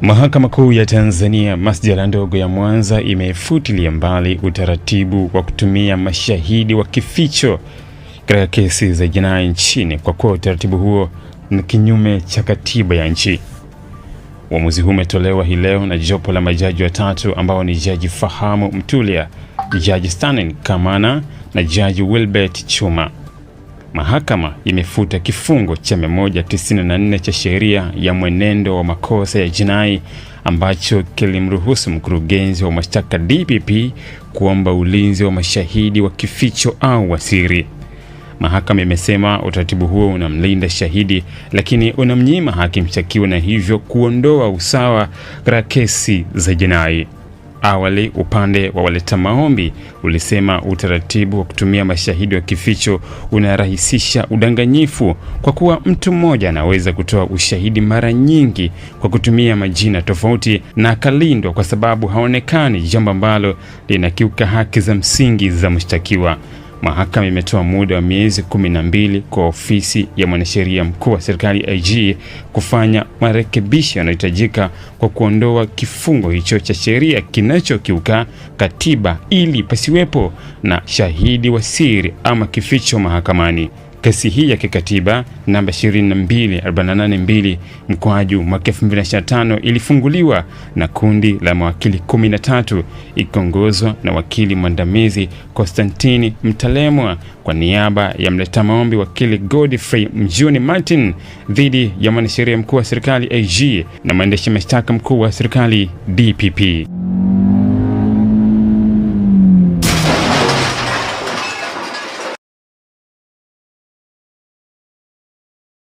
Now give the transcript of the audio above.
Mahakama Kuu ya Tanzania masjala ndogo ya Mwanza imefutilia mbali utaratibu wa kutumia mashahidi wa kificho katika kesi za jinai nchini kwa kuwa utaratibu huo ni kinyume cha katiba ya nchi. Uamuzi huu umetolewa hii leo na jopo la majaji watatu ambao ni Jaji Fahamu Mtulia, Jaji Stanley Kamana na Jaji Wilbert Chuma. Mahakama imefuta kifungo cha 194 cha sheria ya mwenendo wa makosa ya jinai ambacho kilimruhusu mkurugenzi wa mashtaka DPP kuomba ulinzi wa mashahidi wa kificho au wa siri. Mahakama imesema utaratibu huo unamlinda shahidi lakini unamnyima haki mshtakiwa na hivyo kuondoa usawa katika kesi za jinai. Awali upande wa waleta maombi ulisema utaratibu wa kutumia mashahidi wa kificho unarahisisha udanganyifu kwa kuwa mtu mmoja anaweza kutoa ushahidi mara nyingi kwa kutumia majina tofauti na akalindwa kwa sababu haonekani, jambo ambalo linakiuka haki za msingi za mshtakiwa. Mahakama imetoa muda wa miezi kumi na mbili kwa ofisi ya mwanasheria mkuu wa serikali IG kufanya marekebisho yanayohitajika kwa kuondoa kifungo hicho cha sheria kinachokiuka katiba ili pasiwepo na shahidi wa siri ama kificho mahakamani kesi hii ya kikatiba namba 22482 mkwaju mwaka 2025 ilifunguliwa na kundi la mawakili 13 ikiongozwa na wakili mwandamizi Konstantini Mtalemwa kwa niaba ya mleta maombi wakili Godfrey Mjuni Martin dhidi ya mwanasheria mkuu wa serikali AG na mwendesha mashtaka mkuu wa serikali DPP.